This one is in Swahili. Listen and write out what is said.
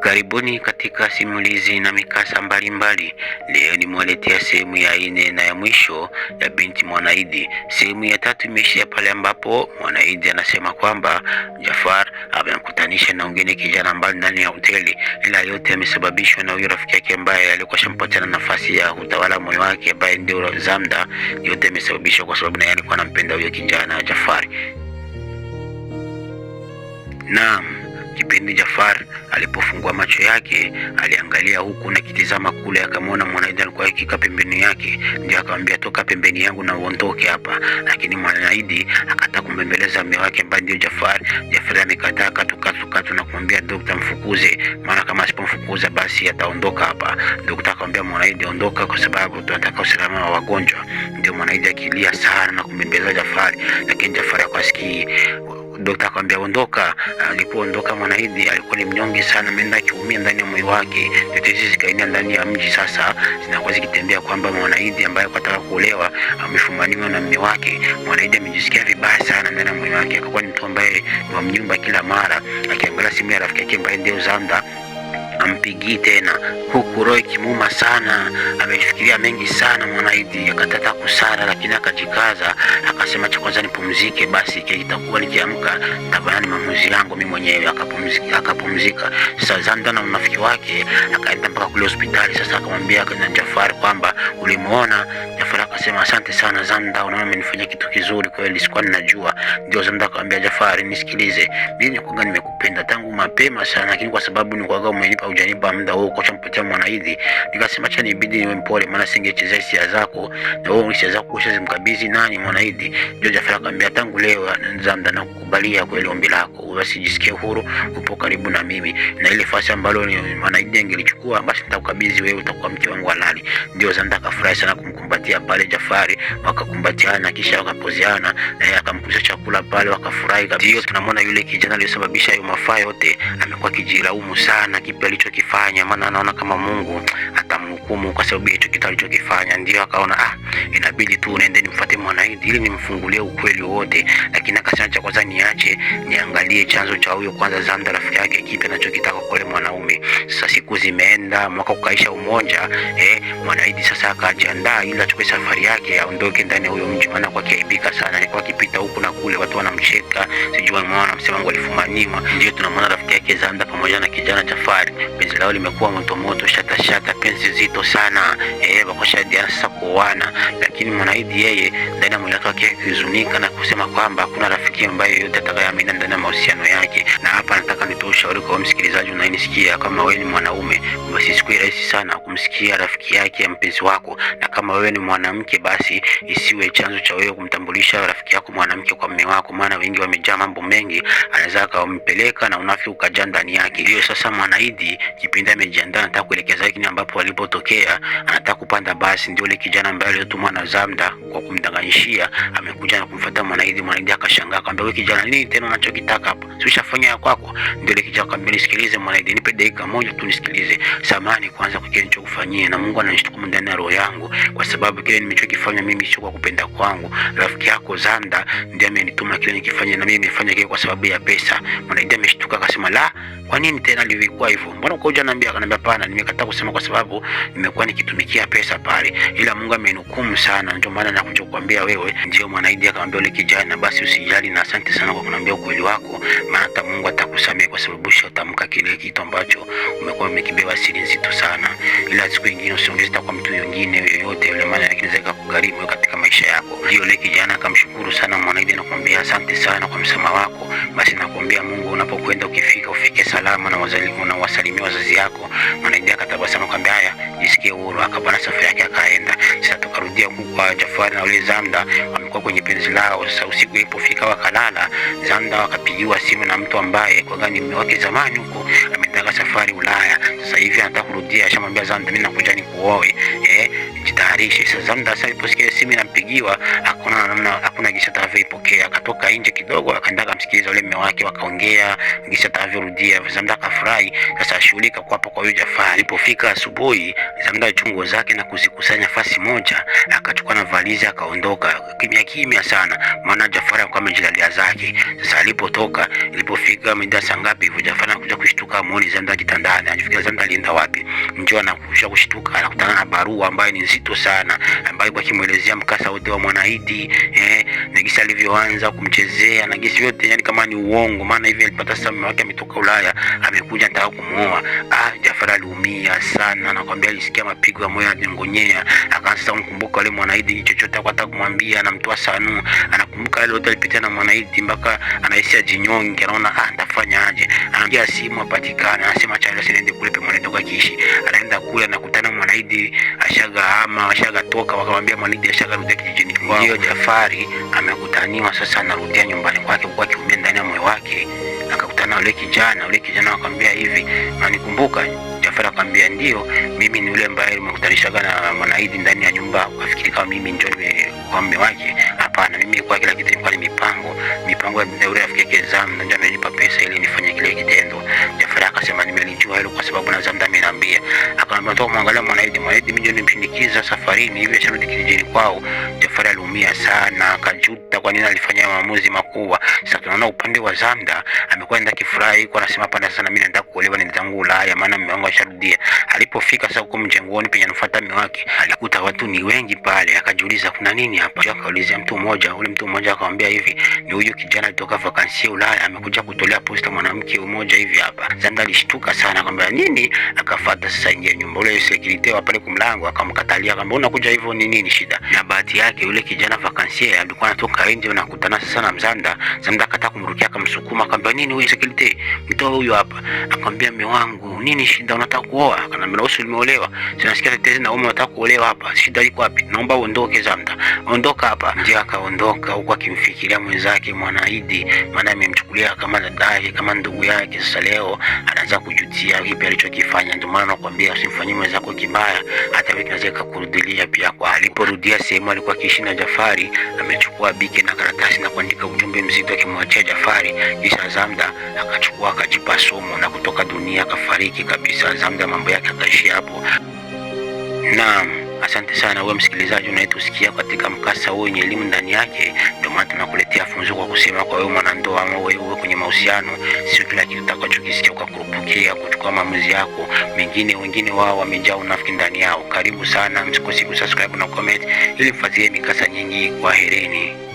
Karibuni katika simulizi na mikasa mbalimbali mbali. Leo nimewaletea sehemu ya nne na ya mwisho ya binti Mwanaidi. Sehemu ya tatu imeishia pale ambapo Mwanaidi anasema kwamba Jafar amemkutanisha na wengine kijana mbali ndani ya hoteli, ila yote yamesababishwa na huyo rafiki yake ambaye alikuwa shampotana nafasi ya utawala moyo wake ambaye ndio Zamda. Yote yamesababishwa kwa sababu naye alikuwa anampenda huyo kijana Jafari. Naam. Kipindi Jafar alipofungua macho yake aliangalia huku na kitizama kule, akamwona Mwanaidi alikuwa akika pembeni yake, ndio akamwambia toka pembeni yangu na uondoke hapa, lakini Mwanaidi akataka kumbembeleza mume wake ambaye ndio Jafar. Jafar amekataa katukatu na kumwambia dokta, mfukuze, maana kama asipomfukuza basi ataondoka hapa. Dokta akamwambia Mwanaidi, ondoka kwa sababu tunataka usalama wa wagonjwa. Ndio Mwanaidi akilia sana na kumbembeleza Jafar, lakini Jafar akasikia Dokta akamwambia ondoka. Alipoondoka Mwanaidi alikuwa ni mnyonge sana, ameenda kiumia ndani ya moyo wake. Tetezi zikaenea ndani ya mji, sasa zinakuwa zikitembea kwamba Mwanaidi ambaye alikuwa anataka kuolewa amefumaniwa na mume wake. Mwanaidi amejisikia vibaya sana ndani ya moyo wake, akakuwa ni mtu ambaye wa mnyumba kila mara, akiangalia simu ya rafiki yake ambaye ndio Zanda ampigii tena, huku roho ikimuma sana. Amefikiria mengi sana Mwanaidi, akataka kusara, lakini akajikaza, akasema cha kwanza nipumzike, basi itakuwa nikiamka tabanani maamuzi yangu mimi mwenyewe. Akapumzika, akapumzika. Sasa Zanda na mnafiki wake akaenda mpaka kule hospitali. Sasa akamwambia Jafari kwamba ulimuona Jafari akasema asante sana Zamda, unaona umenifanyia kitu kizuri kweli, sikuwa ninajua. Ndio Zanda akamwambia Jafari, nisikilize, mimi ni kwanga nimekupenda tangu mapema sana, lakini kwa sababu ni kwanga umenipa ujanipa muda wako kocha mpotea Mwanaidi, nikasema acha nibidi niwe mpole, maana singechezea hisia zako na wewe hisia zako zimkabidhi nani Mwanaidi. Ndio Jafari akamwambia tangu leo Zamda, nakukubalia kweli ombi lako, basi jisikie huru, upo karibu na mimi na ile fasi ambalo Mwanaidi angelichukua basi nitakukabidhi wewe, utakuwa mke wangu halali. Ndio Zanda akafurahi sana kum akamkumbatia pale Jafari, wakakumbatiana kisha wakapoziana, naye akamkulisha chakula pale, wakafurahi kabisa. Hiyo tunamwona yule kijana aliyosababisha hayo mafaa yote amekuwa kijilaumu sana kipi alichokifanya, maana anaona kama Mungu hukumu kwa sababu ya kitu alichokifanya. Ndio akaona ah, inabidi tu nende nimfuate Mwanaidi ili nimfungulie ukweli wote, lakini akasema cha kwanza niache niangalie chanzo cha huyo kwanza, Zanda rafiki yake, kipi anachokitaka kwa mwanaume. Sasa siku zimeenda, mwaka ukaisha, umoja eh, Mwanaidi sasa akajiandaa ili achukue safari yake aondoke ndani ya huyo mji, maana kwa kiaibika sana, alikuwa akipita huku na kule, watu wanamcheka sasa, sijui umeona msee wangu alifumaniwa. Ndio tunamwona rafiki yake Zanda pamoja na kijana Jafari, penzi lao limekuwa moto moto, shata shata, penzi zito sana eh, kwa shadi sasa kuoana, lakini Mwanaidi yeye ndani ya mwelekeo wake kuzunika na kusema kwamba hakuna rafiki ambaye yote atakayeamini ndani ya mahusiano yake. Na hapa nataka nitoe ushauri kwa msikilizaji unayenisikia, kama wewe ni mwanaume, basi siku rahisi sana kumsikia rafiki yake ya mpenzi wako, na kama wewe ni mwanamke, basi isiwe chanzo cha wewe kumtambulisha rafiki yako mwanamke kwa mume wako, maana wengi wa amejaa mambo mengi, anaweza akampeleka na unafi ukaja ndani yake. Hiyo sasa Mwanaidi kipindi amejiandaa, anataka kuelekea zake ambapo alipotokea, anataka kupanda basi. Ndio ile kijana ambaye aliyotumwa na Zamda kwa kumdanganyishia amekuja na kumfuata Mwanaidi. Mwanaidi akashangaa, akamwambia wewe kijana, nini tena unachokitaka hapa? Si ushafanya ya kwako? Ndio ile kijana akamwambia, nisikilize Mwanaidi, nipe dakika moja tu nisikilize. Samani kwanza kwa kile nilichokufanyia, na Mungu ananishtukumu ndani ya roho yangu kwa sababu kile nimechokifanya mimi sio kwa kupenda kwangu. Rafiki yako Zamda ndiye amenituma kile nikifanya na mimi nifanye kile kwa sababu ya pesa. Mwanaidi ameshtuka akasema, la, kwa nini tena lilikuwa hivyo? Mbona uko uja ananiambia? Akaniambia pana, nimekataa kusema kwa sababu nimekuwa nikitumikia pesa pale, ila Mungu amenihukumu sana, ndio maana nakuja kukwambia wewe. Ndio Mwanaidi akamwambia yule kijana, basi usijali na asante sana kwa kuniambia ukweli wako, maana hata Mungu atakusamehe kwa sababu ushatamka kile kitu ambacho umekuwa umekibeba siri nzito sana, ila siku nyingine usiongeze kwa mtu mwingine yoyote yule, maana kinaweza kukugharimu katika maisha yako. Hiyo yule kijana akamshukuru sana Mwanaidi na nakwambia asante sana kwa msamaha wako. Basi nakwambia Mungu, unapokwenda ukifika, ufike salama na wazalimu na wasalimie wazazi yako. Manaidi akatabasama kwambia, haya, jisikie huru. Akapanda safari yake akaenda. Sasa tukarudia huku kwa Jafari na ule Zanda, wamekuwa kwenye penzi lao. Sasa usiku ilipofika wakalala, Zanda wakapigiwa simu na mtu ambaye kwa gani mume wake zamani huko ametaka safari Ulaya, sasa hivi anataka kurudia, ashamwambia Zanda, mimi nakuja nikuoe, eh, jitayarishe. Sasa Zanda sasa aliposikia simu inampigiwa, hakuna namna, hakuna gisha wake akatoka nje kidogo, akaenda akamsikiliza yule mume wake, wakaongea kisha atavyorudia Zamda akafurahi. Sasa ashughulika kuapa kwa yule Jafari. Alipofika asubuhi, Zamda alichunguo zake na kuzikusanya fasi moja, akachukua na valizi akaondoka kimya kimya sana, maana Jafari alikuwa amejilalia zake. Sasa alipotoka, ilipofika mida saa ngapi hivyo, Jafari anakuja kushtuka, muone Zamda kitandani, anafikiria Zamda alienda wapi, njoo anakuja kushtuka, anakutana na barua ambayo ni nzito sana, ambayo kwa kimuelezea mkasa wote wa Mwanaidi eh nikisha alivyoanza kumchezea na gesi yote kama ni uongo, maana hivi alipata sasa mume wake ametoka Ulaya, amekuja anataka kumuoa. Ah, Jafari aliumia sana, nakwambia alisikia mapigo ya moyo yanangonyea, akaanza sasa kumkumbuka yule Mwanaidi, chochote akataka kumwambia, na mtu asanu, anakumbuka yale yote alipitia na Mwanaidi mpaka anahisi ajinyonge, anaona ah, nitafanya aje? Anaambia simu apatikana, anasema acha leo siende kule pe Mwanaidi kwa akiishi, anaenda kule anakutana Mwanaidi ashaga ama ashaga toka, wakamwambia Mwanaidi ashaga rudi kijijini kwao. Jafari amekutaniwa sasa, anarudia nyumbani kwake kwa kiumia akachanganya moyo wake, akakutana yule kijana. Yule kijana akamwambia hivi, nanikumbuka? Jafar akamwambia ndio, mimi ni yule ambaye nimekutanishaga na Mwanaidi ndani ya nyumba, ukafikiri kama mimi ndio kwa mume wake. Hapana, mimi kwa kila kitu nilikuwa ni mipango, mipango ya yule rafiki yake Zam, ndio amenipa pesa ili nifanye kile kitendo. Jafar akasema nimelijua hilo kwa sababu na Zam ameniambia. Akamwambia toa mwangalia Mwanaidi, Mwanaidi mimi ndio nimshindikiza safarini, hivi asharudi kijijini kwao pale aliumia sana, akajuta kwa nini alifanya maamuzi makubwa. Sasa tunaona upande wa Zamda amekuwa enda kifurahi kwa anasema panda sana, mimi nataka kuolewa ni zangu Ulaya, maana mume wangu asharudia. Alipofika sasa huko mjengoni penye anafuata mume wake, alikuta watu ni wengi pale, akajiuliza kuna nini hapa. Akaulizia mtu mmoja, ule mtu mmoja akamwambia hivi, ni huyu kijana kutoka vakansi Ulaya amekuja kutolea posta mwanamke mmoja hivi hapa. Zamda alishtuka sana, akamwambia nini, akafuata sasa ingia nyumba. Ule security wa pale kumlango akamkatalia, akamwambia unakuja hivyo ni nini shida? Na bahati yake yule kijana vakansie alikuwa anatoka nje na kukutana sasa na Mzanda. Mzanda akataka kumrukia, akamsukuma akamwambia, nini wewe, sekilite, mtoa huyu hapa. Akamwambia, mimi wangu, nini shida, unataka kuoa? Akamwambia wewe umeolewa, sasa nasikia tetezi na wewe unataka kuolewa hapa, shida iko wapi? Naomba uondoke Zanda, ondoka hapa. Ndio akaondoka huko akimfikiria mwenzake Mwanaidi, maana amemchukulia kama dadaye kama ndugu yake. Sasa leo anaanza kujutia kipi alichokifanya. Ndio maana nakwambia usimfanyie mwenzako kibaya. Jafari inaweza ikakurudilia pia. Kwa aliporudia sehemu alikuwa akiishi na Jafari, amechukua bike na karatasi na kuandika ujumbe mzito akimwachia Jafari, kisha Zamda akachukua akajipa somo na kutoka dunia akafariki kabisa. Zamda mambo yake akaishia hapo. Naam. Asante sana wewe msikilizaji unayetusikia katika mkasa huu wenye elimu ndani yake. Ndio maana tunakuletea funzo kwa kusema kwa wewe mwanandoa, ama wewe kwenye mahusiano, sio kila kitu utakachokisikia ukakurupukia kuchukua maamuzi yako mengine. Wengine wao wamejaa unafiki ndani yao. Karibu sana, msikose kusubscribe na comment ili mfuatilie mikasa nyingi. kwa hereni.